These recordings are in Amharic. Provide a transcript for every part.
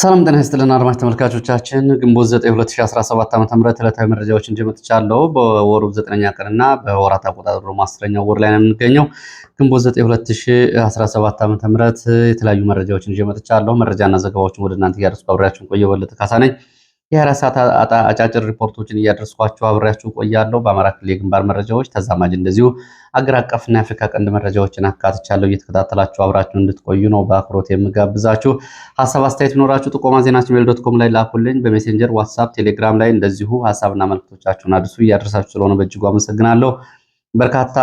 ሰላም ጤና ይስጥልን አድማጭ ተመልካቾቻችን፣ ግንቦት 9 2017 ዓ ም ዕለታዊ መረጃዎችን ይዤ መጥቻለሁ። በወሩ ዘጠነኛ ቀንና በወራት አቆጣጠሩ አስረኛው ወር ላይ ነው የምንገኘው። ግንቦት 9 2017 ዓ ም የተለያዩ መረጃዎችን ይዤ መረጃና ዘገባዎችን ወደ እናንተ እያደረስኩ አብሬያችሁን ቆየ በለጠ ካሳ ነኝ። የአራት ሰዓት አጫጭር ሪፖርቶችን እያደረስኳቸው አብሬያችሁ ቆያለሁ። በአማራ ክልል የግንባር መረጃዎች ተዛማጅ እንደዚሁ አገር አቀፍና የአፍሪካ ቀንድ መረጃዎችን አካትቻለሁ። እየተከታተላችሁ አብራችሁ እንድትቆዩ ነው በአክብሮት የምጋብዛችሁ። ሀሳብ አስተያየት ኖራችሁ ጥቆማ ዜና ጂሜል ዶት ኮም ላይ ላኩልኝ። በሜሴንጀር ዋትሳፕ፣ ቴሌግራም ላይ እንደዚሁ ሀሳብና መልክቶቻችሁን አድርሱ። እያደረሳችሁ ስለሆነ በእጅጉ አመሰግናለሁ። በርካታ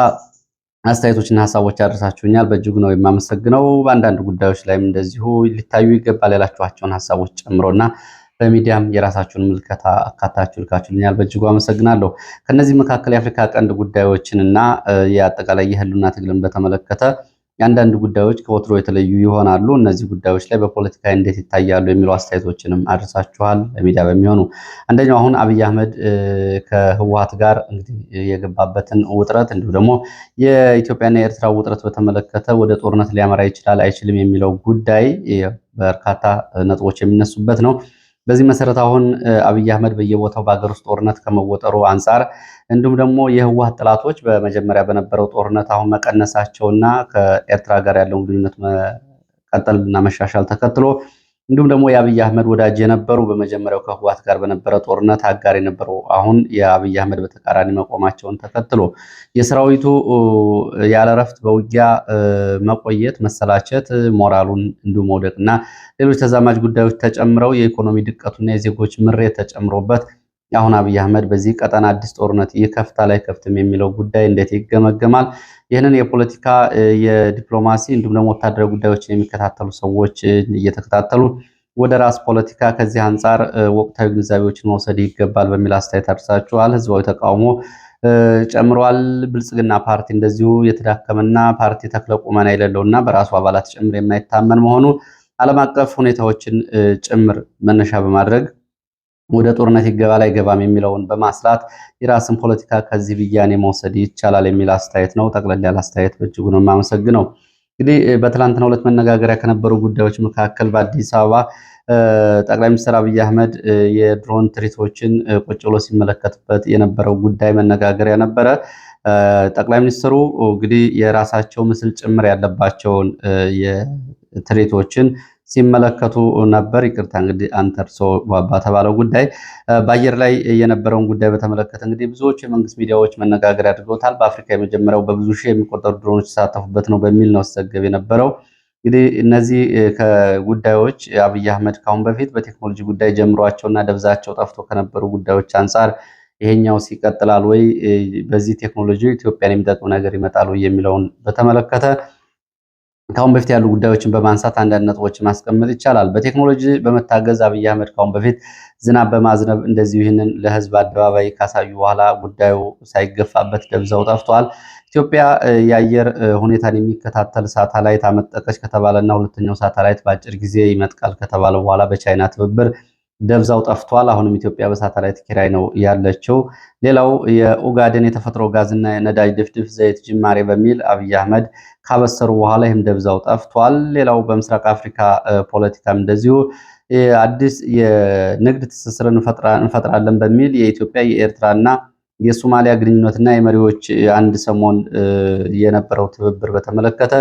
አስተያየቶችና ሀሳቦች ያደርሳችሁኛል በእጅጉ ነው የማመሰግነው። በአንዳንድ ጉዳዮች ላይም እንደዚሁ ሊታዩ ይገባል ያላችኋቸውን ሀሳቦች ጨምሮና በሚዲያም የራሳችሁን ምልከታ አካታችሁ ልካችሁልኛል፣ በእጅጉ አመሰግናለሁ። ከነዚህ መካከል የአፍሪካ ቀንድ ጉዳዮችንና የአጠቃላይ የህልውና ትግልን በተመለከተ የአንዳንድ ጉዳዮች ከወትሮ የተለዩ ይሆናሉ። እነዚህ ጉዳዮች ላይ በፖለቲካ እንዴት ይታያሉ የሚሉ አስተያየቶችንም አድርሳችኋል በሚዲያ በሚሆኑ። አንደኛው አሁን አብይ አህመድ ከህወሀት ጋር የገባበትን ውጥረት እንዲሁም ደግሞ የኢትዮጵያና የኤርትራ ውጥረት በተመለከተ ወደ ጦርነት ሊያመራ ይችላል አይችልም የሚለው ጉዳይ በርካታ ነጥቦች የሚነሱበት ነው። በዚህ መሰረት አሁን አብይ አህመድ በየቦታው በሀገር ውስጥ ጦርነት ከመወጠሩ አንጻር እንዲሁም ደግሞ የህወሓት ጥላቶች በመጀመሪያ በነበረው ጦርነት አሁን መቀነሳቸውና ከኤርትራ ጋር ያለውን ግንኙነት መቀጠልና መሻሻል ተከትሎ እንዲሁም ደግሞ የአብይ አህመድ ወዳጅ የነበሩ በመጀመሪያው ከህወሓት ጋር በነበረ ጦርነት አጋር የነበሩ አሁን የአብይ አህመድ በተቃራኒ መቆማቸውን ተከትሎ የሰራዊቱ ያለረፍት በውጊያ መቆየት፣ መሰላቸት፣ ሞራሉን እንዲሁ እና ሌሎች ተዛማጅ ጉዳዮች ተጨምረው የኢኮኖሚ ድቀቱና የዜጎች ምሬት ተጨምሮበት አሁን አብይ አህመድ በዚህ ቀጠና አዲስ ጦርነት ይከፍታል አይከፍትም የሚለው ጉዳይ እንዴት ይገመገማል? ይህንን የፖለቲካ የዲፕሎማሲ እንዲሁም ደግሞ ወታደራዊ ጉዳዮችን የሚከታተሉ ሰዎች እየተከታተሉ ወደ ራስ ፖለቲካ ከዚህ አንጻር ወቅታዊ ግንዛቤዎችን መውሰድ ይገባል በሚል አስተያየት አድርሳችኋል። ህዝባዊ ተቃውሞ ጨምሯል። ብልጽግና ፓርቲ እንደዚሁ የተዳከመና ፓርቲ ተክለ ቁመና የሌለው እና በራሱ አባላት ጭምር የማይታመን መሆኑ ዓለም አቀፍ ሁኔታዎችን ጭምር መነሻ በማድረግ ወደ ጦርነት ይገባል አይገባም የሚለውን በማስላት የራስን ፖለቲካ ከዚህ ብያኔ መውሰድ ይቻላል የሚል አስተያየት ነው። ጠቅለል ያለ አስተያየት በእጅጉ ነው የማመሰግነው። እንግዲህ በትላንትና ሁለት መነጋገሪያ ከነበሩ ጉዳዮች መካከል በአዲስ አበባ ጠቅላይ ሚኒስትር አብይ አህመድ የድሮን ትርኢቶችን ቁጭ ብሎ ሲመለከትበት የነበረው ጉዳይ መነጋገሪያ ነበረ። ጠቅላይ ሚኒስትሩ እንግዲህ የራሳቸው ምስል ጭምር ያለባቸውን ትርኢቶችን ሲመለከቱ ነበር። ይቅርታ እንግዲህ አንተርሶ በተባለው ጉዳይ በአየር ላይ የነበረውን ጉዳይ በተመለከተ እንግዲህ ብዙዎች የመንግስት ሚዲያዎች መነጋገር አድርገውታል። በአፍሪካ የመጀመሪያው በብዙ ሺህ የሚቆጠሩ ድሮኖች የተሳተፉበት ነው በሚል ነው ሲዘገብ የነበረው። እንግዲህ እነዚህ ጉዳዮች አብይ አህመድ ካሁን በፊት በቴክኖሎጂ ጉዳይ ጀምሯቸውና ደብዛቸው ጠፍቶ ከነበሩ ጉዳዮች አንጻር ይሄኛው ሲቀጥላል ወይ፣ በዚህ ቴክኖሎጂ ኢትዮጵያን የሚጠቅም ነገር ይመጣል ወይ የሚለውን በተመለከተ ከአሁን በፊት ያሉ ጉዳዮችን በማንሳት አንዳንድ ነጥቦችን ማስቀመጥ ይቻላል። በቴክኖሎጂ በመታገዝ አብይ አህመድ ከአሁን በፊት ዝናብ በማዝነብ እንደዚሁ ይህንን ለህዝብ አደባባይ ካሳዩ በኋላ ጉዳዩ ሳይገፋበት ደብዛው ጠፍቷል። ኢትዮጵያ የአየር ሁኔታን የሚከታተል ሳተላይት አመጠቀች ከተባለና ሁለተኛው ሳተላይት በአጭር ጊዜ ይመጥቃል ከተባለ በኋላ በቻይና ትብብር ደብዛው ጠፍቷል። አሁንም ኢትዮጵያ በሳተላይት ኪራይ ነው ያለችው። ሌላው የኡጋደን የተፈጥሮ ጋዝና የነዳጅ ድፍድፍ ዘይት ጅማሬ በሚል አብይ አህመድ ካበሰሩ በኋላ ይህም ደብዛው ጠፍቷል። ሌላው በምስራቅ አፍሪካ ፖለቲካም እንደዚሁ አዲስ የንግድ ትስስር እንፈጥራለን በሚል የኢትዮጵያ የኤርትራና የሶማሊያ ግንኙነትና የመሪዎች አንድ ሰሞን የነበረው ትብብር በተመለከተ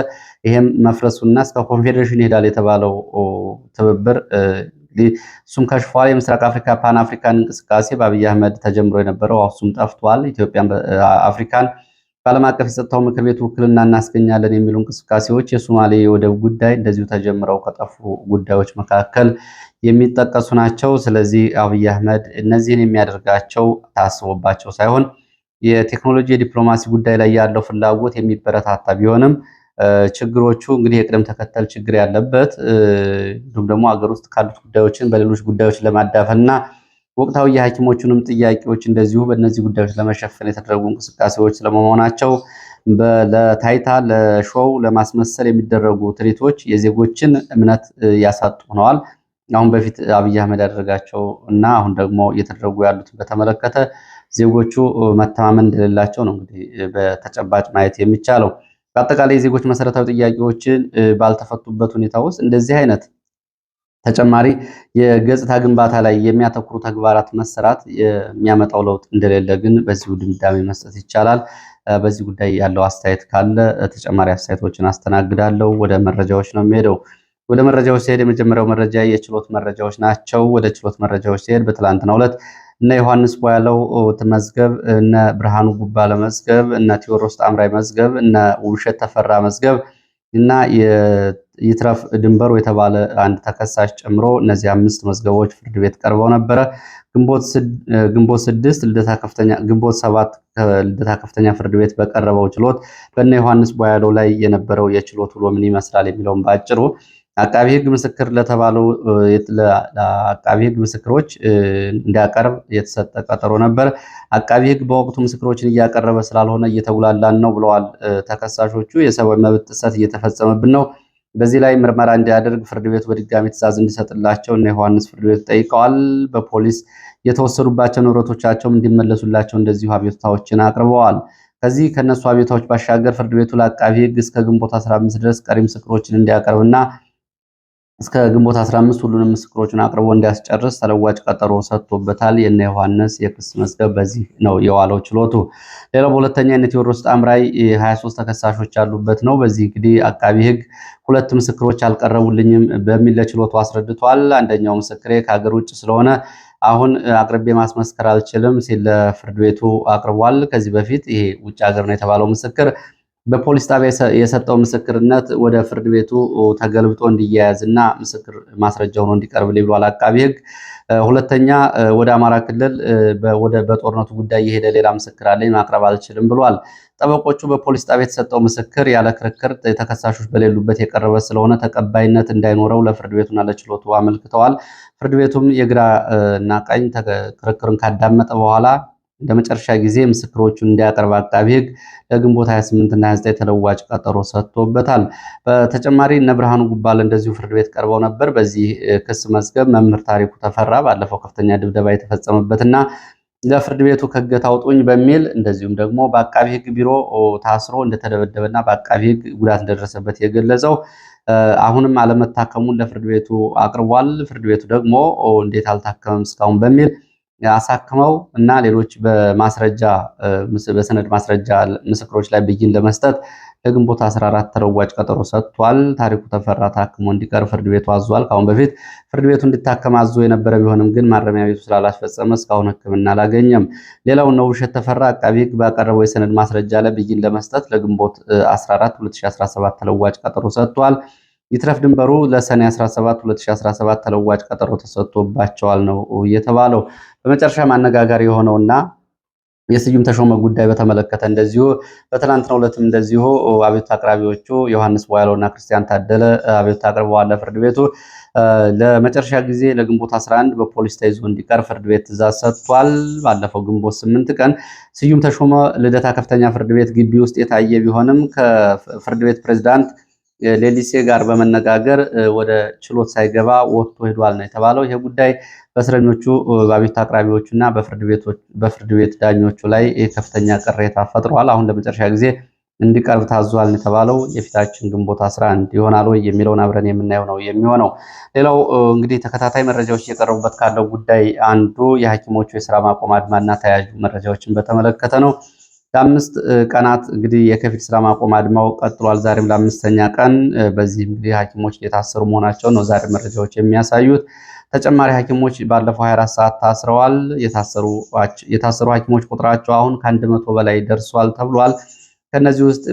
ይህም መፍረሱና እስከ ኮንፌዴሬሽን ይሄዳል የተባለው ትብብር እሱም ከሽፏል። የምስራቅ አፍሪካ ፓን አፍሪካን እንቅስቃሴ በአብይ አህመድ ተጀምሮ የነበረው እሱም ጠፍቷል። ኢትዮጵያን አፍሪካን በዓለም አቀፍ የጸጥታው ምክር ቤት ውክልና እናስገኛለን የሚሉ እንቅስቃሴዎች፣ የሶማሌ የወደብ ጉዳይ እንደዚሁ ተጀምረው ከጠፉ ጉዳዮች መካከል የሚጠቀሱ ናቸው። ስለዚህ አብይ አህመድ እነዚህን የሚያደርጋቸው ታስቦባቸው ሳይሆን የቴክኖሎጂ የዲፕሎማሲ ጉዳይ ላይ ያለው ፍላጎት የሚበረታታ ቢሆንም ችግሮቹ እንግዲህ የቅደም ተከተል ችግር ያለበት እንዲሁም ደግሞ አገር ውስጥ ካሉት ጉዳዮችን በሌሎች ጉዳዮች ለማዳፈን እና ወቅታዊ የሐኪሞቹንም ጥያቄዎች እንደዚሁ በእነዚህ ጉዳዮች ለመሸፈን የተደረጉ እንቅስቃሴዎች ስለመሆናቸው ለታይታ ለሾው ለማስመሰል የሚደረጉ ትርኢቶች የዜጎችን እምነት ያሳጡ ሆነዋል። አሁን በፊት አብይ አህመድ ያደረጋቸው እና አሁን ደግሞ እየተደረጉ ያሉትን በተመለከተ ዜጎቹ መተማመን እንደሌላቸው ነው እንግዲህ በተጨባጭ ማየት የሚቻለው። በአጠቃላይ የዜጎች መሰረታዊ ጥያቄዎችን ባልተፈቱበት ሁኔታ ውስጥ እንደዚህ አይነት ተጨማሪ የገጽታ ግንባታ ላይ የሚያተኩሩ ተግባራት መሰራት የሚያመጣው ለውጥ እንደሌለ ግን በዚሁ ድምዳሜ መስጠት ይቻላል። በዚህ ጉዳይ ያለው አስተያየት ካለ ተጨማሪ አስተያየቶችን አስተናግዳለሁ። ወደ መረጃዎች ነው የሚሄደው። ወደ መረጃዎች ሲሄድ የመጀመሪያው መረጃ የችሎት መረጃዎች ናቸው። ወደ ችሎት መረጃዎች ሲሄድ በትላንትናው ዕለት እነ ዮሐንስ ቧያለው መዝገብ፣ እነ ብርሃኑ ጉባለ መዝገብ፣ እነ ቴዎድሮስ ጣምራይ መዝገብ፣ እነ ውብሸት ተፈራ መዝገብ እና ይትረፍ ድንበሩ የተባለ አንድ ተከሳሽ ጨምሮ እነዚህ አምስት መዝገቦች ፍርድ ቤት ቀርበው ነበረ። ግንቦት ስድስት ልደታ ከፍተኛ ግንቦት ሰባት ልደታ ከፍተኛ ፍርድ ቤት በቀረበው ችሎት በእነ ዮሐንስ ቧያለው ላይ የነበረው የችሎት ውሎ ምን ይመስላል የሚለውን በአጭሩ አቃቢ ህግ ምስክር ለተባለው አቃቢ ህግ ምስክሮች እንዲያቀርብ የተሰጠ ቀጠሮ ነበር። አቃቢ ህግ በወቅቱ ምስክሮችን እያቀረበ ስላልሆነ እየተጉላላን ነው ብለዋል። ተከሳሾቹ የሰብአዊ መብት ጥሰት እየተፈጸመብን ነው፣ በዚህ ላይ ምርመራ እንዲያደርግ ፍርድ ቤቱ በድጋሚ ትዕዛዝ እንዲሰጥላቸው እና ዮሐንስ ፍርድ ቤቱ ጠይቀዋል። በፖሊስ የተወሰዱባቸው ንብረቶቻቸውም እንዲመለሱላቸው እንደዚሁ አቤቱታዎችን አቅርበዋል። ከዚህ ከእነሱ አቤቱታዎች ባሻገር ፍርድ ቤቱ ለአቃቢ ህግ እስከ ግንቦት 15 ድረስ ቀሪ ምስክሮችን እንዲያቀርብና እስከ ግንቦት 15 ሁሉንም ምስክሮቹን አቅርቦ እንዲያስጨርስ ተለዋጭ ቀጠሮ ሰጥቶበታል። የነ ዮሐንስ የክስ መዝገብ በዚህ ነው የዋለው ችሎቱ። ሌላው በሁለተኛ አይነት ቴዎድሮስ ጣምራይ 23 ተከሳሾች ያሉበት ነው። በዚህ እንግዲህ አቃቢ ሕግ ሁለት ምስክሮች አልቀረቡልኝም በሚል ለችሎቱ አስረድቷል። አንደኛው ምስክሬ ከሀገር ውጭ ስለሆነ አሁን አቅርቤ ማስመስከር አልችልም ሲል ለፍርድ ቤቱ አቅርቧል። ከዚህ በፊት ይሄ ውጭ ሀገር ነው የተባለው ምስክር በፖሊስ ጣቢያ የሰጠው ምስክርነት ወደ ፍርድ ቤቱ ተገልብጦ እንዲያያዝ እና ምስክር ማስረጃ ሆኖ እንዲቀርብ ብሏል አቃቢ ሁለተኛ ወደ አማራ ክልል በጦርነቱ ጉዳይ የሄደ ሌላ ምስክር አለኝ ማቅረብ አልችልም ብሏል። ጠበቆቹ በፖሊስ ጣቢያ የተሰጠው ምስክር ያለ ክርክር ተከሳሾች በሌሉበት የቀረበ ስለሆነ ተቀባይነት እንዳይኖረው ለፍርድ ቤቱና ለችሎቱ አመልክተዋል። ፍርድ ቤቱም የግራ እና ቀኝ ክርክርን ካዳመጠ በኋላ ለመጨረሻ ጊዜ ምስክሮቹን እንዲያቀርብ አቃቢ ህግ ለግንቦት 28 እና 29 ተለዋጭ ቀጠሮ ሰጥቶበታል። በተጨማሪ እነ ብርሃኑ ጉባል እንደዚሁ ፍርድ ቤት ቀርበው ነበር። በዚህ ክስ መዝገብ መምህር ታሪኩ ተፈራ ባለፈው ከፍተኛ ድብደባ የተፈጸመበትና ለፍርድ ቤቱ ከእገታ አውጡኝ በሚል እንደዚሁም ደግሞ በአቃቢ ህግ ቢሮ ታስሮ እንደተደበደበና በአቃቢ ህግ ጉዳት እንደደረሰበት የገለጸው አሁንም አለመታከሙን ለፍርድ ቤቱ አቅርቧል። ፍርድ ቤቱ ደግሞ እንዴት አልታከመም እስካሁን በሚል አሳክመው እና ሌሎች በማስረጃ በሰነድ ማስረጃ ምስክሮች ላይ ብይን ለመስጠት ለግንቦት 14 ተለዋጭ ቀጠሮ ሰጥቷል። ታሪኩ ተፈራ ታክሞ እንዲቀር ፍርድ ቤቱ አዟል። ከአሁን በፊት ፍርድ ቤቱ እንዲታከም አዞ የነበረ ቢሆንም ግን ማረሚያ ቤቱ ስላላስፈጸመ እስካሁን ሕክምና አላገኘም። ሌላው ነው ውሸት ተፈራ አቃቢ ሕግ ባቀረበው የሰነድ ማስረጃ ላይ ብይን ለመስጠት ለግንቦት 14 2017 ተለዋጭ ቀጠሮ ሰጥቷል። ይትረፍ ድንበሩ ለሰኔ 17 2017 ተለዋጭ ቀጠሮ ተሰጥቶባቸዋል ነው የተባለው። በመጨረሻ ማነጋገር የሆነውና የስዩም ተሾመ ጉዳይ በተመለከተ እንደዚሁ በትናንትናው ዕለትም እንደዚሁ አቤቱታ አቅራቢዎቹ ዮሐንስ ቧያለውና ክርስቲያን ታደለ አቤቱታ አቅርበዋል ለፍርድ ቤቱ። ለመጨረሻ ጊዜ ለግንቦት 11 በፖሊስ ተይዞ እንዲቀር ፍርድ ቤት ትእዛዝ ሰጥቷል። ባለፈው ግንቦት 8 ቀን ስዩም ተሾመ ልደታ ከፍተኛ ፍርድ ቤት ግቢ ውስጥ የታየ ቢሆንም ከፍርድ ቤት ፕሬዝዳንት ሌሊሴ ጋር በመነጋገር ወደ ችሎት ሳይገባ ወጥቶ ሄዷል ነው የተባለው። ይሄ ጉዳይ በእስረኞቹ በአቤቱታ አቅራቢዎቹ እና በፍርድ ቤት ዳኞቹ ላይ ከፍተኛ ቅሬታ ፈጥሯል። አሁን ለመጨረሻ ጊዜ እንዲቀርብ ታዟል ነው የተባለው። የፊታችን ግንቦት ስራ ይሆናል ወይ የሚለውን አብረን የምናየው ነው የሚሆነው። ሌላው እንግዲህ ተከታታይ መረጃዎች እየቀረቡበት ካለው ጉዳይ አንዱ የሐኪሞቹ የስራ ማቆም አድማና ተያያዥ መረጃዎችን በተመለከተ ነው። ለአምስት ቀናት እንግዲህ የከፊል ስራ ማቆም አድማው ቀጥሏል። ዛሬም ለአምስተኛ ቀን በዚህም እንግዲህ ሐኪሞች እየታሰሩ መሆናቸው ነው ዛሬ መረጃዎች የሚያሳዩት። ተጨማሪ ሐኪሞች ባለፈው 24 ሰዓት ታስረዋል። የታሰሩ ሐኪሞች ቁጥራቸው አሁን ከአንድ መቶ በላይ ደርሷል ተብሏል። ከእነዚህ ውስጥ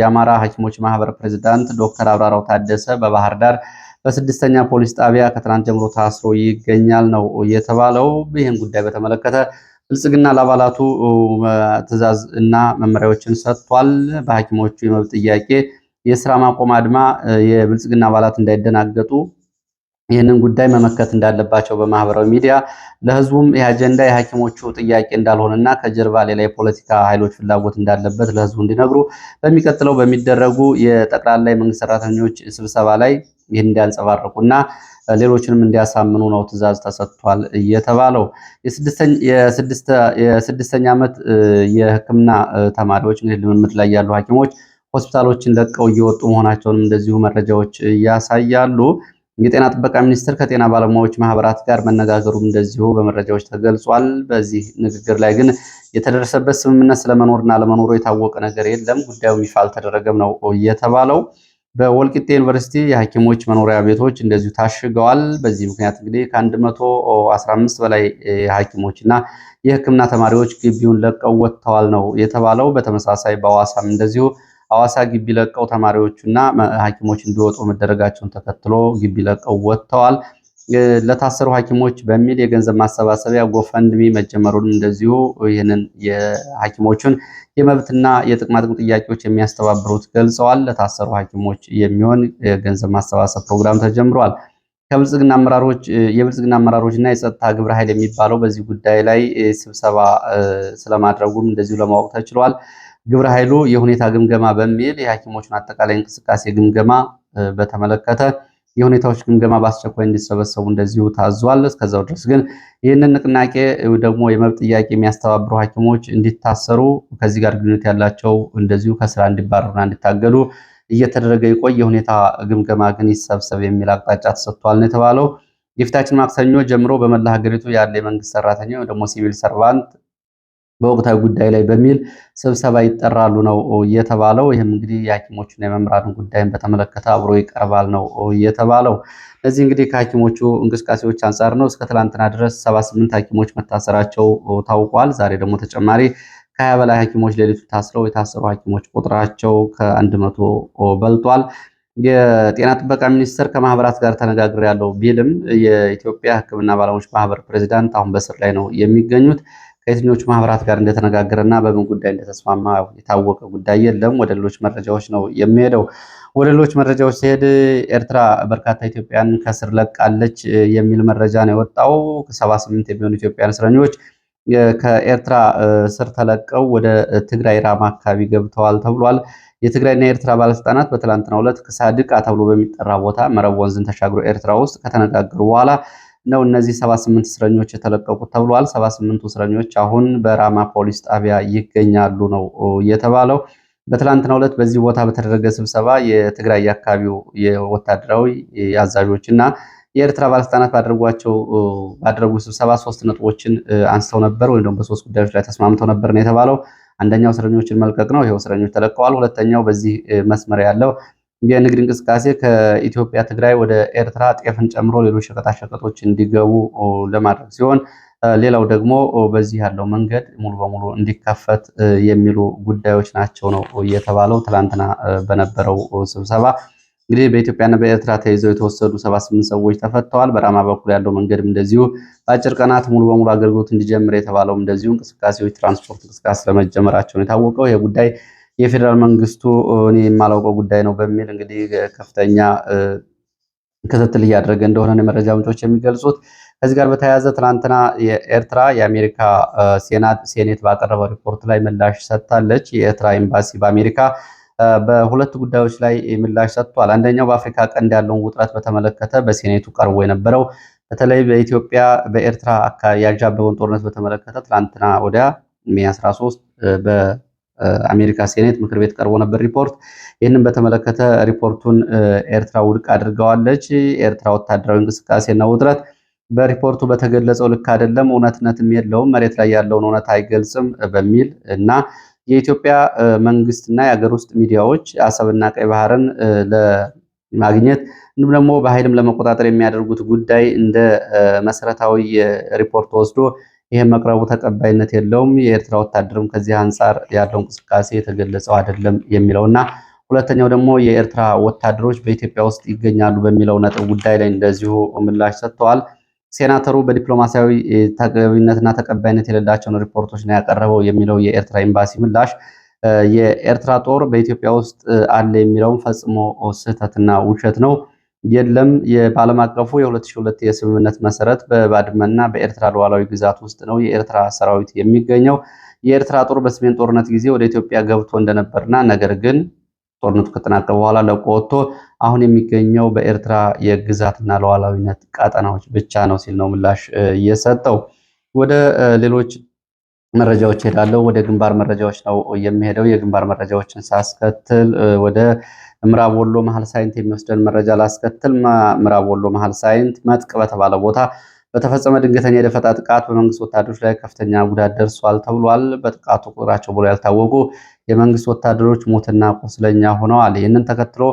የአማራ ሐኪሞች ማህበር ፕሬዚዳንት ዶክተር አብራራው ታደሰ በባህር ዳር በስድስተኛ ፖሊስ ጣቢያ ከትናንት ጀምሮ ታስሮ ይገኛል ነው የተባለው። ይህን ጉዳይ በተመለከተ ብልጽግና ለአባላቱ ትእዛዝ እና መመሪያዎችን ሰጥቷል። በሐኪሞቹ የመብት ጥያቄ የስራ ማቆም አድማ የብልጽግና አባላት እንዳይደናገጡ ይህንን ጉዳይ መመከት እንዳለባቸው በማህበራዊ ሚዲያ ለህዝቡም የአጀንዳ የሀኪሞቹ የሐኪሞቹ ጥያቄ እንዳልሆነና ከጀርባ ሌላ የፖለቲካ ኃይሎች ፍላጎት እንዳለበት ለህዝቡ እንዲነግሩ በሚቀጥለው በሚደረጉ የጠቅላላ የመንግስት ሰራተኞች ስብሰባ ላይ ይህን እንዲያንጸባርቁና ሌሎችንም እንዲያሳምኑ ነው ትእዛዝ ተሰጥቷል የተባለው። የስድስተኛ ዓመት የሕክምና ተማሪዎች እንግዲህ ልምምድ ላይ ያሉ ሐኪሞች ሆስፒታሎችን ለቀው እየወጡ መሆናቸውንም እንደዚሁ መረጃዎች ያሳያሉ። የጤና ጥበቃ ሚኒስቴር ከጤና ባለሙያዎች ማህበራት ጋር መነጋገሩም እንደዚሁ በመረጃዎች ተገልጿል። በዚህ ንግግር ላይ ግን የተደረሰበት ስምምነት ስለመኖርና ለመኖሩ የታወቀ ነገር የለም። ጉዳዩ ይፋ አልተደረገም ነው የተባለው። በወልቂጤ ዩኒቨርሲቲ የሐኪሞች መኖሪያ ቤቶች እንደዚሁ ታሽገዋል። በዚህ ምክንያት እንግዲህ ከ115 በላይ ሐኪሞች እና የሕክምና ተማሪዎች ግቢውን ለቀው ወጥተዋል ነው የተባለው። በተመሳሳይ በአዋሳም እንደዚሁ አዋሳ ግቢ ለቀው ተማሪዎቹና ሐኪሞች እንዲወጡ መደረጋቸውን ተከትሎ ግቢ ለቀው ወጥተዋል። ለታሰሩ ሐኪሞች በሚል የገንዘብ ማሰባሰቢያ ጎፈንድሚ መጀመሩን እንደዚሁ ይህንን የሐኪሞቹን የመብትና የጥቅማጥቅም ጥያቄዎች የሚያስተባብሩት ገልጸዋል። ለታሰሩ ሐኪሞች የሚሆን የገንዘብ ማሰባሰብ ፕሮግራም ተጀምሯል። ከብልጽግና አመራሮች የብልጽግና አመራሮች እና የጸጥታ ግብረ ኃይል የሚባለው በዚህ ጉዳይ ላይ ስብሰባ ስለማድረጉም እንደዚሁ ለማወቅ ተችሏል። ግብረ ኃይሉ የሁኔታ ግምገማ በሚል የሐኪሞቹን አጠቃላይ እንቅስቃሴ ግምገማ በተመለከተ የሁኔታዎች ግምገማ በአስቸኳይ እንዲሰበሰቡ እንደዚሁ ታዟል። እስከዛው ድረስ ግን ይህንን ንቅናቄ ደግሞ የመብት ጥያቄ የሚያስተባብሩ ሐኪሞች እንዲታሰሩ ከዚህ ጋር ግንኙነት ያላቸው እንደዚሁ ከስራ እንዲባረሩና እንዲታገዱ እየተደረገ ይቆይ፣ የሁኔታ ግምገማ ግን ይሰብሰብ የሚል አቅጣጫ ተሰጥቷል ነው የተባለው። የፊታችን ማክሰኞ ጀምሮ በመላ ሀገሪቱ ያለ የመንግስት ሰራተኛ ደግሞ ሲቪል ሰርቫንት በወቅታዊ ጉዳይ ላይ በሚል ስብሰባ ይጠራሉ ነው እየተባለው። ይህም እንግዲህ የሐኪሞቹና የመምህራንን ጉዳይን በተመለከተ አብሮ ይቀርባል ነው እየተባለው። እነዚህ እንግዲህ ከሐኪሞቹ እንቅስቃሴዎች አንጻር ነው። እስከ ትላንትና ድረስ ሰባ ስምንት ሐኪሞች መታሰራቸው ታውቋል። ዛሬ ደግሞ ተጨማሪ ከሀያ በላይ ሐኪሞች ሌሊቱ ታስረው የታሰሩ ሐኪሞች ቁጥራቸው ከአንድ መቶ በልጧል። የጤና ጥበቃ ሚኒስቴር ከማህበራት ጋር ተነጋግሬያለሁ ቢልም የኢትዮጵያ ሕክምና ባለሙያዎች ማህበር ፕሬዚዳንት አሁን በስር ላይ ነው የሚገኙት። ከየትኞቹ ማህበራት ጋር እንደተነጋገረ እና በምን ጉዳይ እንደተስማማ የታወቀ ጉዳይ የለም። ወደ ሌሎች መረጃዎች ነው የሚሄደው። ወደ ሌሎች መረጃዎች ሲሄድ ኤርትራ በርካታ ኢትዮጵያን ከስር ለቃለች የሚል መረጃ ነው የወጣው። ሰባ ስምንት የሚሆኑ ኢትዮጵያን እስረኞች ከኤርትራ ስር ተለቀው ወደ ትግራይ ራማ አካባቢ ገብተዋል ተብሏል። የትግራይና የኤርትራ ባለስልጣናት በትላንትናው ዕለት ክሳድቃ ተብሎ በሚጠራ ቦታ መረብ ወንዝን ተሻግሮ ኤርትራ ውስጥ ከተነጋገሩ በኋላ ነው እነዚህ 78 እስረኞች የተለቀቁት ተብሏል። 78ቱ እስረኞች አሁን በራማ ፖሊስ ጣቢያ ይገኛሉ ነው የተባለው። በትላንትናው ዕለት በዚህ ቦታ በተደረገ ስብሰባ የትግራይ የአካባቢው የወታደራዊ አዛዦች እና የኤርትራ ባለስልጣናት ባደረጓቸው ባደረጉ ስብሰባ ሶስት ነጥቦችን አንስተው ነበር ወይም ደግሞ በሶስት ጉዳዮች ላይ ተስማምተው ነበር ነው የተባለው። አንደኛው እስረኞችን መልቀቅ ነው። ይኸው እስረኞች ተለቀዋል። ሁለተኛው በዚህ መስመር ያለው የንግድ እንቅስቃሴ ከኢትዮጵያ ትግራይ ወደ ኤርትራ ጤፍን ጨምሮ ሌሎች ሸቀጣሸቀጦች እንዲገቡ ለማድረግ ሲሆን ሌላው ደግሞ በዚህ ያለው መንገድ ሙሉ በሙሉ እንዲከፈት የሚሉ ጉዳዮች ናቸው ነው የተባለው። ትላንትና በነበረው ስብሰባ እንግዲህ በኢትዮጵያና በኤርትራ ተይዘው የተወሰዱ ሰባ ስምንት ሰዎች ተፈተዋል። በራማ በኩል ያለው መንገድም እንደዚሁ በአጭር ቀናት ሙሉ በሙሉ አገልግሎት እንዲጀምር የተባለው እንደዚሁ እንቅስቃሴዎች፣ ትራንስፖርት እንቅስቃሴ ስለመጀመራቸው ነው የታወቀው ይህ ጉዳይ የፌዴራል መንግስቱ እኔ የማላውቀው ጉዳይ ነው በሚል እንግዲህ ከፍተኛ ክትትል እያደረገ እንደሆነ የመረጃ ምንጮች የሚገልጹት። ከዚህ ጋር በተያያዘ ትናንትና የኤርትራ የአሜሪካ ሴኔት ባቀረበው ሪፖርት ላይ ምላሽ ሰጥታለች። የኤርትራ ኤምባሲ በአሜሪካ በሁለት ጉዳዮች ላይ ምላሽ ሰጥቷል። አንደኛው በአፍሪካ ቀንድ ያለውን ውጥረት በተመለከተ በሴኔቱ ቀርቦ የነበረው በተለይ በኢትዮጵያ በኤርትራ አካባቢ ያንዣበበውን ጦርነት በተመለከተ ትናንትና ወዲያ ሜ 13 አሜሪካ ሴኔት ምክር ቤት ቀርቦ ነበር ሪፖርት። ይህንን በተመለከተ ሪፖርቱን ኤርትራ ውድቅ አድርገዋለች። ኤርትራ ወታደራዊ እንቅስቃሴና ውጥረት በሪፖርቱ በተገለጸው ልክ አይደለም፣ እውነትነትም የለውም፣ መሬት ላይ ያለውን እውነት አይገልጽም በሚል እና የኢትዮጵያ መንግስትና የአገር ውስጥ ሚዲያዎች አሰብና ቀይ ባህርን ለማግኘት እንዲሁም ደግሞ በኃይልም ለመቆጣጠር የሚያደርጉት ጉዳይ እንደ መሰረታዊ ሪፖርት ወስዶ ይህም መቅረቡ ተቀባይነት የለውም። የኤርትራ ወታደርም ከዚህ አንጻር ያለው እንቅስቃሴ የተገለጸው አይደለም የሚለው እና ሁለተኛው ደግሞ የኤርትራ ወታደሮች በኢትዮጵያ ውስጥ ይገኛሉ በሚለው ነጥብ ጉዳይ ላይ እንደዚሁ ምላሽ ሰጥተዋል። ሴናተሩ በዲፕሎማሲያዊ ተገቢነትና ተቀባይነት የሌላቸውን ሪፖርቶች ነው ያቀረበው የሚለው የኤርትራ ኤምባሲ ምላሽ የኤርትራ ጦር በኢትዮጵያ ውስጥ አለ የሚለውም ፈጽሞ ስህተትና ውሸት ነው። የለም በዓለም አቀፉ የ2002 የስምምነት መሰረት በባድመና በኤርትራ ሉዓላዊ ግዛት ውስጥ ነው የኤርትራ ሰራዊት የሚገኘው። የኤርትራ ጦር በሰሜን ጦርነት ጊዜ ወደ ኢትዮጵያ ገብቶ እንደነበርና ነገር ግን ጦርነቱ ከተጠናቀቀ በኋላ ለቆ ወጥቶ አሁን የሚገኘው በኤርትራ የግዛትና ሉዓላዊነት ቀጠናዎች ብቻ ነው ሲል ነው ምላሽ እየሰጠው። ወደ ሌሎች መረጃዎች ሄዳለው። ወደ ግንባር መረጃዎች ነው የሚሄደው። የግንባር መረጃዎችን ሳስከትል ወደ ምዕራብ ወሎ መሀል ሳይንት የሚወስደን መረጃ ላስከትል። ምዕራብ ወሎ መሀል ሳይንት መጥቅ በተባለ ቦታ በተፈጸመ ድንገተኛ የደፈጣ ጥቃት በመንግስት ወታደሮች ላይ ከፍተኛ ጉዳት ደርሷል ተብሏል። በጥቃቱ ቁጥራቸው ብሎ ያልታወቁ የመንግስት ወታደሮች ሞትና ቁስለኛ ሆነዋል። ይህንን ተከትሎ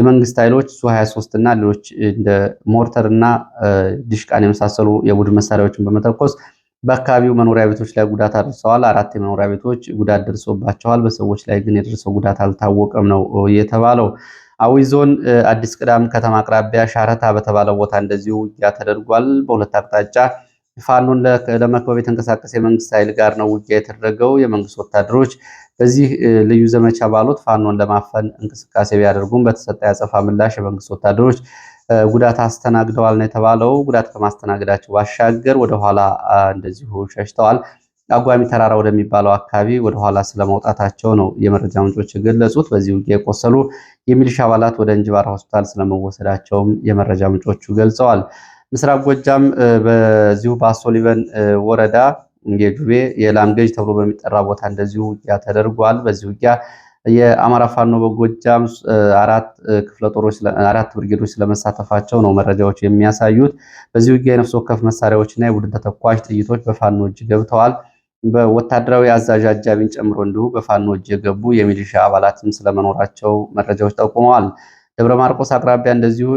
የመንግስት ኃይሎች ሱ 23 እና ሌሎች እንደ ሞርተር እና ዲሽቃን የመሳሰሉ የቡድን መሳሪያዎችን በመተኮስ በአካባቢው መኖሪያ ቤቶች ላይ ጉዳት አድርሰዋል። አራት የመኖሪያ ቤቶች ጉዳት ደርሶባቸዋል። በሰዎች ላይ ግን የደረሰው ጉዳት አልታወቀም ነው የተባለው። አዊ ዞን አዲስ ቅዳም ከተማ አቅራቢያ ሻረታ በተባለው ቦታ እንደዚሁ ውጊያ ተደርጓል። በሁለት አቅጣጫ ፋኖን ለመክበብ የተንቀሳቀሰ የመንግስት ኃይል ጋር ነው ውጊያ የተደረገው። የመንግስት ወታደሮች በዚህ ልዩ ዘመቻ ባሉት ፋኖን ለማፈን እንቅስቃሴ ቢያደርጉም በተሰጠ ያጸፋ ምላሽ የመንግስት ወታደሮች ጉዳት አስተናግደዋል ነው የተባለው። ጉዳት ከማስተናገዳቸው ባሻገር ወደኋላ እንደዚሁ ሸሽተዋል። አጓሚ ተራራ ወደሚባለው አካባቢ ወደኋላ ስለመውጣታቸው ነው የመረጃ ምንጮች የገለጹት። በዚህ ውጊያ የቆሰሉ የሚሊሻ አባላት ወደ እንጅባራ ሆስፒታል ስለመወሰዳቸውም የመረጃ ምንጮቹ ገልጸዋል። ምስራቅ ጎጃም በዚሁ በአሶሊበን ወረዳ የጁቤ የላምገጅ ተብሎ በሚጠራ ቦታ እንደዚሁ ውጊያ ተደርጓል። በዚህ ውጊያ የአማራ ፋኖ በጎጃም አራት ክፍለ ጦሮች አራት ብርጌዶች ስለመሳተፋቸው ነው መረጃዎች የሚያሳዩት። በዚህ ውጊያ የነፍስ ወከፍ እና የቡድን ተተኳሽ ጥይቶች በፋኖ እጅ ገብተዋል። በወታደራዊ አዛዥ አጃቢን ጨምሮ እንዲሁ በፋኖ እጅ የገቡ የሚሊሻ አባላትም ስለመኖራቸው መረጃዎች ጠቁመዋል። ደብረ ማርቆስ አቅራቢያ እንደዚሁ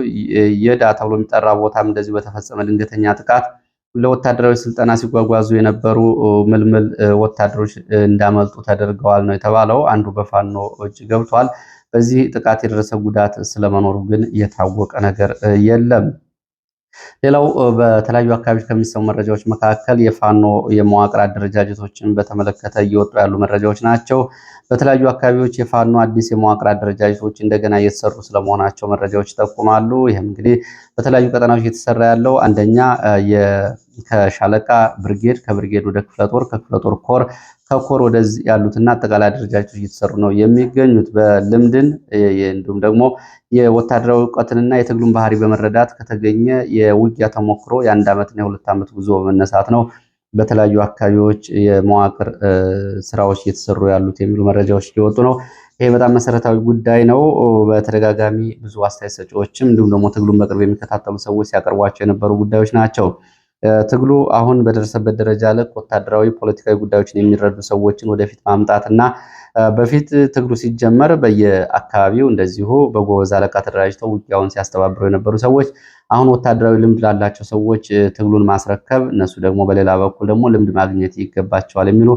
የዳ ተብሎ የሚጠራ ቦታም እንደዚሁ በተፈጸመ ድንገተኛ ጥቃት ለወታደራዊ ስልጠና ሲጓጓዙ የነበሩ ምልምል ወታደሮች እንዳመልጡ ተደርገዋል ነው የተባለው። አንዱ በፋኖ እጅ ገብቷል። በዚህ ጥቃት የደረሰ ጉዳት ስለመኖሩ ግን የታወቀ ነገር የለም። ሌላው በተለያዩ አካባቢዎች ከሚሰሙ መረጃዎች መካከል የፋኖ የመዋቅር አደረጃጀቶችን በተመለከተ እየወጡ ያሉ መረጃዎች ናቸው። በተለያዩ አካባቢዎች የፋኖ አዲስ የመዋቅር አደረጃጀቶች እንደገና እየተሰሩ ስለመሆናቸው መረጃዎች ይጠቁማሉ። ይህም እንግዲህ በተለያዩ ቀጠናዎች እየተሰራ ያለው አንደኛ ከሻለቃ ብርጌድ፣ ከብርጌድ ወደ ክፍለ ጦር፣ ከክፍለ ጦር ኮር ተኮር ወደዚህ ያሉት እና አጠቃላይ አደረጃጀቶች እየተሰሩ ነው የሚገኙት። በልምድን እንዲሁም ደግሞ የወታደራዊ እውቀትንና የትግሉን ባህሪ በመረዳት ከተገኘ የውጊያ ተሞክሮ የአንድ ዓመትና የሁለት ዓመት ጉዞ በመነሳት ነው በተለያዩ አካባቢዎች የመዋቅር ስራዎች እየተሰሩ ያሉት የሚሉ መረጃዎች እየወጡ ነው። ይሄ በጣም መሰረታዊ ጉዳይ ነው። በተደጋጋሚ ብዙ አስተያየት ሰጪዎችም እንዲሁም ደግሞ ትግሉን በቅርብ የሚከታተሉ ሰዎች ሲያቀርቧቸው የነበሩ ጉዳዮች ናቸው። ትግሉ አሁን በደረሰበት ደረጃ ልክ ወታደራዊ፣ ፖለቲካዊ ጉዳዮችን የሚረዱ ሰዎችን ወደፊት ማምጣትና። በፊት ትግሉ ሲጀመር በየአካባቢው እንደዚሁ በጎበዝ አለቃ ተደራጅተው ውጊያውን ሲያስተባብሩ የነበሩ ሰዎች አሁን ወታደራዊ ልምድ ላላቸው ሰዎች ትግሉን ማስረከብ፣ እነሱ ደግሞ በሌላ በኩል ደግሞ ልምድ ማግኘት ይገባቸዋል የሚሉ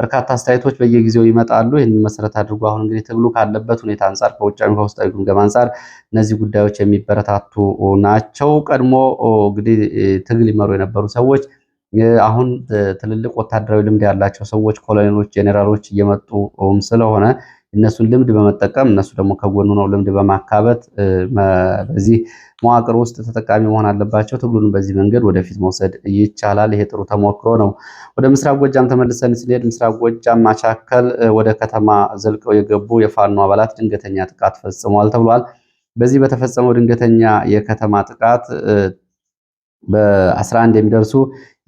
በርካታ አስተያየቶች በየጊዜው ይመጣሉ። ይህንን መሰረት አድርጎ አሁን እንግዲህ ትግሉ ካለበት ሁኔታ አንጻር ከውጫዊ ከውስጣዊ ግምገማ አንጻር እነዚህ ጉዳዮች የሚበረታቱ ናቸው። ቀድሞ እንግዲህ ትግል ይመሩ የነበሩ ሰዎች አሁን ትልልቅ ወታደራዊ ልምድ ያላቸው ሰዎች ኮሎኔሎች፣ ጄኔራሎች እየመጡም ስለሆነ እነሱን ልምድ በመጠቀም እነሱ ደግሞ ከጎኑ ነው ልምድ በማካበት በዚህ መዋቅር ውስጥ ተጠቃሚ መሆን አለባቸው። ትግሉን በዚህ መንገድ ወደፊት መውሰድ ይቻላል። ይሄ ጥሩ ተሞክሮ ነው። ወደ ምስራቅ ጎጃም ተመልሰን ስንሄድ ምስራቅ ጎጃም ማቻከል ወደ ከተማ ዘልቀው የገቡ የፋኖ አባላት ድንገተኛ ጥቃት ፈጽመዋል ተብሏል። በዚህ በተፈጸመው ድንገተኛ የከተማ ጥቃት በ11 የሚደርሱ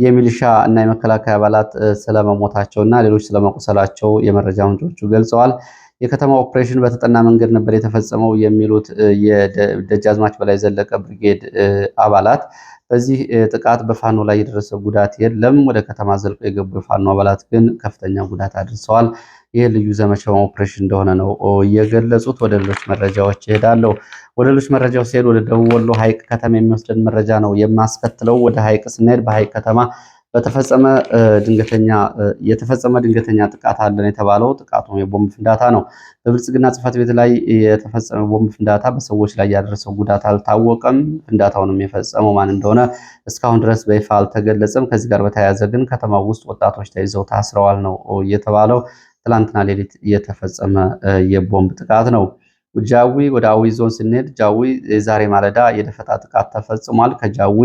የሚሊሻ እና የመከላከያ አባላት ስለመሞታቸው እና ሌሎች ስለመቁሰላቸው የመረጃ ምንጮቹ ገልጸዋል። የከተማ ኦፕሬሽን በተጠና መንገድ ነበር የተፈጸመው የሚሉት የደጃዝማች በላይ ዘለቀ ብርጌድ አባላት በዚህ ጥቃት በፋኖ ላይ የደረሰ ጉዳት የለም። ወደ ከተማ ዘልቆ የገቡ የፋኖ አባላት ግን ከፍተኛ ጉዳት አድርሰዋል። ይህ ልዩ ዘመቻ ኦፕሬሽን እንደሆነ ነው የገለጹት። ወደ ሌሎች መረጃዎች እሄዳለሁ። ወደ ሌሎች መረጃዎች ሲሄድ ወደ ደቡብ ወሎ ሀይቅ ከተማ የሚወስደን መረጃ ነው የማስከትለው። ወደ ሀይቅ ስንሄድ በሀይቅ ከተማ በተፈጸመ ድንገተኛ የተፈጸመ ድንገተኛ ጥቃት አለን የተባለው ጥቃቱ የቦምብ ፍንዳታ ነው። በብልጽግና ጽህፈት ቤት ላይ የተፈጸመ ቦምብ ፍንዳታ በሰዎች ላይ ያደረሰው ጉዳት አልታወቀም። ፍንዳታውንም የፈጸመው ማን እንደሆነ እስካሁን ድረስ በይፋ አልተገለጸም። ከዚህ ጋር በተያያዘ ግን ከተማው ውስጥ ወጣቶች ተይዘው ታስረዋል ነው የተባለው። ትላንትና ሌሊት የተፈጸመ የቦምብ ጥቃት ነው። ጃዊ ወደ አዊ ዞን ስንሄድ ጃዊ ዛሬ ማለዳ የደፈጣ ጥቃት ተፈጽሟል። ከጃዊ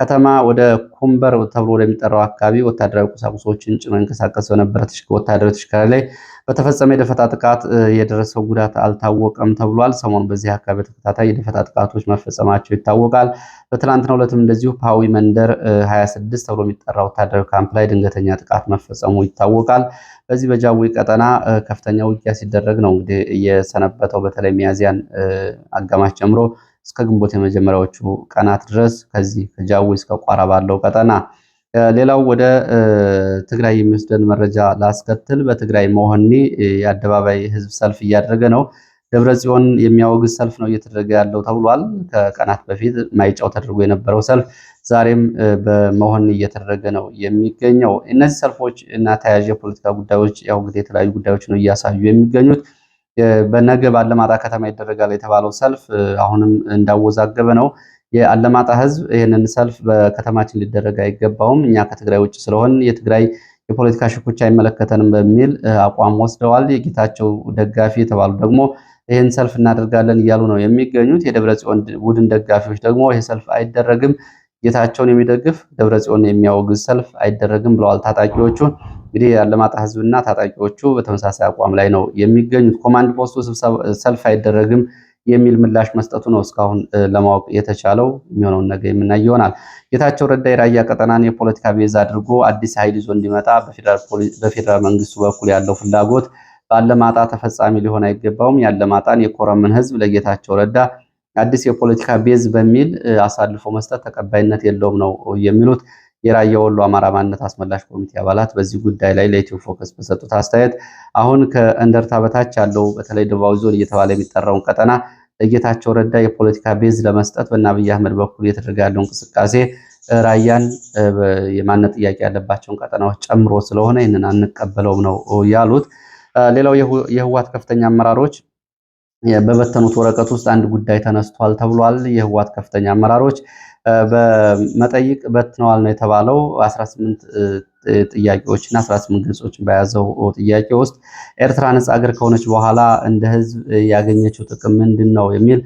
ከተማ ወደ ኩምበር ተብሎ ወደሚጠራው አካባቢ ወታደራዊ ቁሳቁሶችን ጭኖ ይንቀሳቀስ በነበረ ወታደራዊ ተሽከርካሪ ላይ በተፈጸመ የደፈጣ ጥቃት የደረሰው ጉዳት አልታወቀም ተብሏል። ሰሞኑን በዚህ አካባቢ በተከታታይ የደፈጣ ጥቃቶች መፈጸማቸው ይታወቃል። በትናንትናው ዕለትም እንደዚሁ ፓዊ መንደር 26 ተብሎ የሚጠራ ወታደራዊ ካምፕ ላይ ድንገተኛ ጥቃት መፈጸሙ ይታወቃል። በዚህ በጃዊ ቀጠና ከፍተኛ ውጊያ ሲደረግ ነው እንግዲህ እየሰነበተው በተለይ ሚያዚያን አጋማሽ ጀምሮ እስከ ግንቦት የመጀመሪያዎቹ ቀናት ድረስ ከዚህ ከጃዊ እስከ ቋራ ባለው ቀጠና። ሌላው ወደ ትግራይ የሚወስደን መረጃ ላስከትል። በትግራይ መሆኒ የአደባባይ ህዝብ ሰልፍ እያደረገ ነው። ደብረ ጽዮን የሚያወግዝ ሰልፍ ነው እየተደረገ ያለው ተብሏል። ከቀናት በፊት ማይጫው ተደርጎ የነበረው ሰልፍ ዛሬም በመሆን እየተደረገ ነው የሚገኘው። እነዚህ ሰልፎች እና ተያያዥ የፖለቲካ ጉዳዮች ያው እንግዲህ የተለያዩ ጉዳዮች ነው እያሳዩ የሚገኙት። በነገ በአለማጣ ከተማ ይደረጋል የተባለው ሰልፍ አሁንም እንዳወዛገበ ነው። የአለማጣ ህዝብ ይህንን ሰልፍ በከተማችን ሊደረግ አይገባውም፣ እኛ ከትግራይ ውጭ ስለሆን የትግራይ የፖለቲካ ሽኩቻ አይመለከተንም በሚል አቋም ወስደዋል። የጌታቸው ደጋፊ የተባሉ ደግሞ ይህን ሰልፍ እናደርጋለን እያሉ ነው የሚገኙት። የደብረ ጽዮን ቡድን ደጋፊዎች ደግሞ ይህ ሰልፍ አይደረግም ጌታቸውን የሚደግፍ ደብረ ጽዮን የሚያወግዝ ሰልፍ አይደረግም ብለዋል። ታጣቂዎቹ እንግዲህ የአለማጣ ህዝብና ታጣቂዎቹ በተመሳሳይ አቋም ላይ ነው የሚገኙት። ኮማንድ ፖስቱ ሰልፍ አይደረግም የሚል ምላሽ መስጠቱ ነው እስካሁን ለማወቅ የተቻለው። የሚሆነውን ነገ የምናይ ይሆናል። ጌታቸው ረዳ የራያ ቀጠናን የፖለቲካ ቤዛ አድርጎ አዲስ ኃይል ይዞ እንዲመጣ በፌዴራል መንግስቱ በኩል ያለው ፍላጎት በአለማጣ ተፈጻሚ ሊሆን አይገባውም። የአለማጣን የኮረምን ህዝብ ለጌታቸው ረዳ አዲስ የፖለቲካ ቤዝ በሚል አሳልፎ መስጠት ተቀባይነት የለውም ነው የሚሉት የራያ ወሎ አማራ ማንነት አስመላሽ ኮሚቴ አባላት። በዚህ ጉዳይ ላይ ለኢትዮ ፎከስ በሰጡት አስተያየት አሁን ከእንደርታ በታች ያለው በተለይ ደቡባዊ ዞን እየተባለ የሚጠራውን ቀጠና ለጌታቸው ረዳ የፖለቲካ ቤዝ ለመስጠት በእነ አብይ አህመድ በኩል እየተደረገ ያለው እንቅስቃሴ ራያን የማንነት ጥያቄ ያለባቸውን ቀጠናዎች ጨምሮ ስለሆነ ይህንን አንቀበለውም ነው ያሉት። ሌላው የህወሓት ከፍተኛ አመራሮች በበተኑት ወረቀት ውስጥ አንድ ጉዳይ ተነስቷል ተብሏል። የህወሓት ከፍተኛ አመራሮች በመጠይቅ በትነዋል ነው የተባለው። 18 ጥያቄዎችና 18 ገጾችን በያዘው ጥያቄ ውስጥ ኤርትራ ነጻ አገር ከሆነች በኋላ እንደ ህዝብ ያገኘችው ጥቅም ምንድን ነው የሚል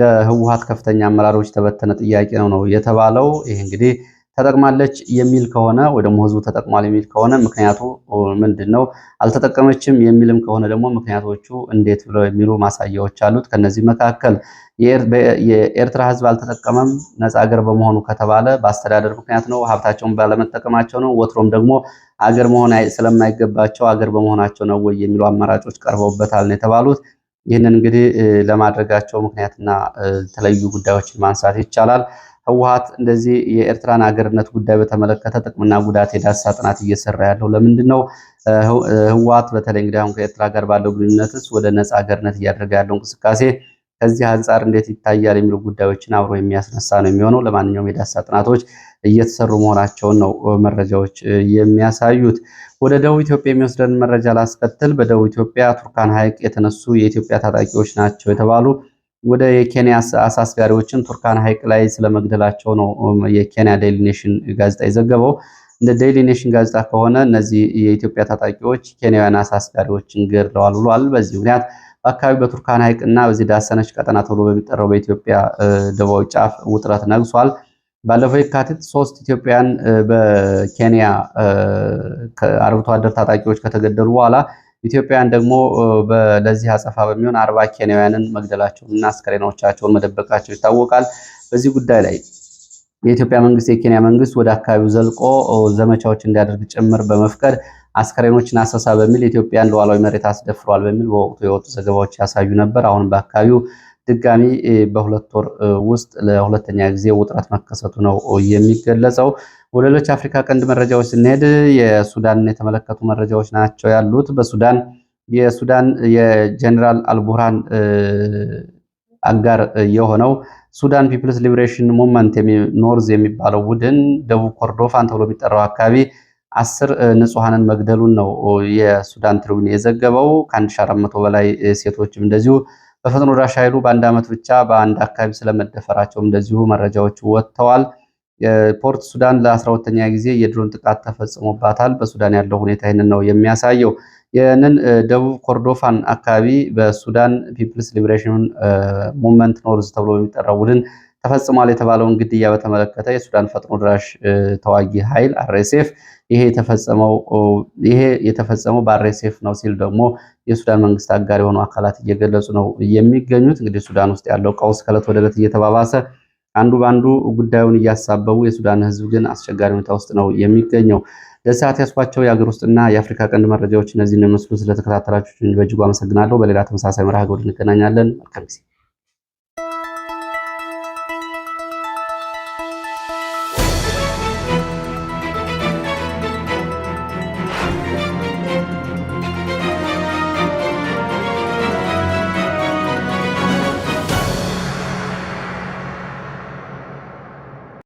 ለህወሓት ከፍተኛ አመራሮች የተበተነ ጥያቄ ነው ነው የተባለው። ይህ እንግዲህ ተጠቅማለች የሚል ከሆነ ወይ ደግሞ ህዝቡ ተጠቅሟል የሚል ከሆነ ምክንያቱ ምንድን ነው? አልተጠቀመችም የሚልም ከሆነ ደግሞ ምክንያቶቹ እንዴት ብለው የሚሉ ማሳያዎች አሉት። ከነዚህ መካከል የኤርትራ ህዝብ አልተጠቀመም ነፃ አገር በመሆኑ ከተባለ በአስተዳደር ምክንያት ነው፣ ሀብታቸውን ባለመጠቀማቸው ነው፣ ወትሮም ደግሞ አገር መሆን ስለማይገባቸው አገር በመሆናቸው ነው ወይ የሚሉ አማራጮች ቀርበውበታል ነው የተባሉት። ይህንን እንግዲህ ለማድረጋቸው ምክንያትና የተለያዩ ጉዳዮችን ማንሳት ይቻላል። ህወሓት እንደዚህ የኤርትራን ሀገርነት ጉዳይ በተመለከተ ጥቅምና ጉዳት የዳሳ ጥናት እየሰራ ያለው ለምንድን ነው? ህወሓት በተለይ እንግዲህ አሁን ከኤርትራ ጋር ባለው ግንኙነትስ ወደ ነጻ ሀገርነት እያደረገ ያለው እንቅስቃሴ ከዚህ አንጻር እንዴት ይታያል የሚሉ ጉዳዮችን አብሮ የሚያስነሳ ነው የሚሆነው። ለማንኛውም የዳሳ ጥናቶች እየተሰሩ መሆናቸውን ነው መረጃዎች የሚያሳዩት። ወደ ደቡብ ኢትዮጵያ የሚወስደን መረጃ ላስከትል። በደቡብ ኢትዮጵያ ቱርካን ሐይቅ የተነሱ የኢትዮጵያ ታጣቂዎች ናቸው የተባሉ ወደ የኬንያ አሳ አስጋሪዎችን ቱርካን ሐይቅ ላይ ስለመግደላቸው ነው የኬንያ ዴይሊ ኔሽን ጋዜጣ የዘገበው። እንደ ዴይሊ ኔሽን ጋዜጣ ከሆነ እነዚህ የኢትዮጵያ ታጣቂዎች ኬንያውያን አሳስጋሪዎችን አስጋሪዎችን ገድለዋል ብሏል። በዚህ ምክንያት በአካባቢ በቱርካን ሐይቅ እና በዚህ ዳሰነች ቀጠና ተብሎ በሚጠራው በኢትዮጵያ ደቡባዊ ጫፍ ውጥረት ነግሷል። ባለፈው የካቲት ሶስት ኢትዮጵያውያን በኬንያ አርብቶ አደር ታጣቂዎች ከተገደሉ በኋላ ኢትዮጵያውያን ደግሞ ለዚህ አጸፋ በሚሆን አርባ ኬንያውያንን መግደላቸውን እና አስከሬናዎቻቸውን መደበቃቸው ይታወቃል። በዚህ ጉዳይ ላይ የኢትዮጵያ መንግስት የኬንያ መንግስት ወደ አካባቢው ዘልቆ ዘመቻዎች እንዲያደርግ ጭምር በመፍቀድ አስከሬኖችን አሰሳ በሚል ኢትዮጵያን ሉዓላዊ መሬት አስደፍሯል በሚል በወቅቱ የወጡ ዘገባዎች ያሳዩ ነበር። አሁን በአካባቢው ድጋሚ በሁለት ወር ውስጥ ለሁለተኛ ጊዜ ውጥረት መከሰቱ ነው የሚገለጸው። ወደ ሌሎች የአፍሪካ ቀንድ መረጃዎች ስንሄድ የሱዳንን የተመለከቱ መረጃዎች ናቸው ያሉት። በሱዳን የሱዳን የጀኔራል አልቡርሃን አጋር የሆነው ሱዳን ፒፕልስ ሊብሬሽን ሙቭመንት ኖርዝ የሚባለው ቡድን ደቡብ ኮርዶፋን ተብሎ የሚጠራው አካባቢ አስር ንጹሐንን መግደሉን ነው የሱዳን ትሪቡን የዘገበው። ከ1400 በላይ ሴቶችም እንደዚሁ በፈጥኖ ደራሽ ኃይሉ በአንድ ዓመት ብቻ በአንድ አካባቢ ስለመደፈራቸውም እንደዚሁ መረጃዎች ወጥተዋል። ፖርት ሱዳን ለ12ተኛ ጊዜ የድሮን ጥቃት ተፈጽሞባታል። በሱዳን ያለው ሁኔታ ይህንን ነው የሚያሳየው። ይህንን ደቡብ ኮርዶፋን አካባቢ በሱዳን ፒፕልስ ሊብሬሽን ሙቭመንት ኖርዝ ተብሎ በሚጠራው ቡድን ተፈጽሟል የተባለውን ግድያ በተመለከተ የሱዳን ፈጥኖ ድራሽ ተዋጊ ኃይል አርኤስኤፍ ይሄ የተፈጸመው በአርኤስኤፍ ነው ሲል ደግሞ የሱዳን መንግስት አጋር የሆኑ አካላት እየገለጹ ነው የሚገኙት። እንግዲህ ሱዳን ውስጥ ያለው ቀውስ ከለት ወደ እየተባባሰ አንዱ በአንዱ ጉዳዩን እያሳበቡ የሱዳን ህዝብ ግን አስቸጋሪ ሁኔታ ውስጥ ነው የሚገኘው። ለሰዓት ያስኳቸው የአገር ውስጥና የአፍሪካ ቀንድ መረጃዎች እነዚህን መስሉ። ስለተከታተላችሁ በእጅጉ አመሰግናለሁ። በሌላ ተመሳሳይ መርሃ ግብር እንገናኛለን። መልካም ጊዜ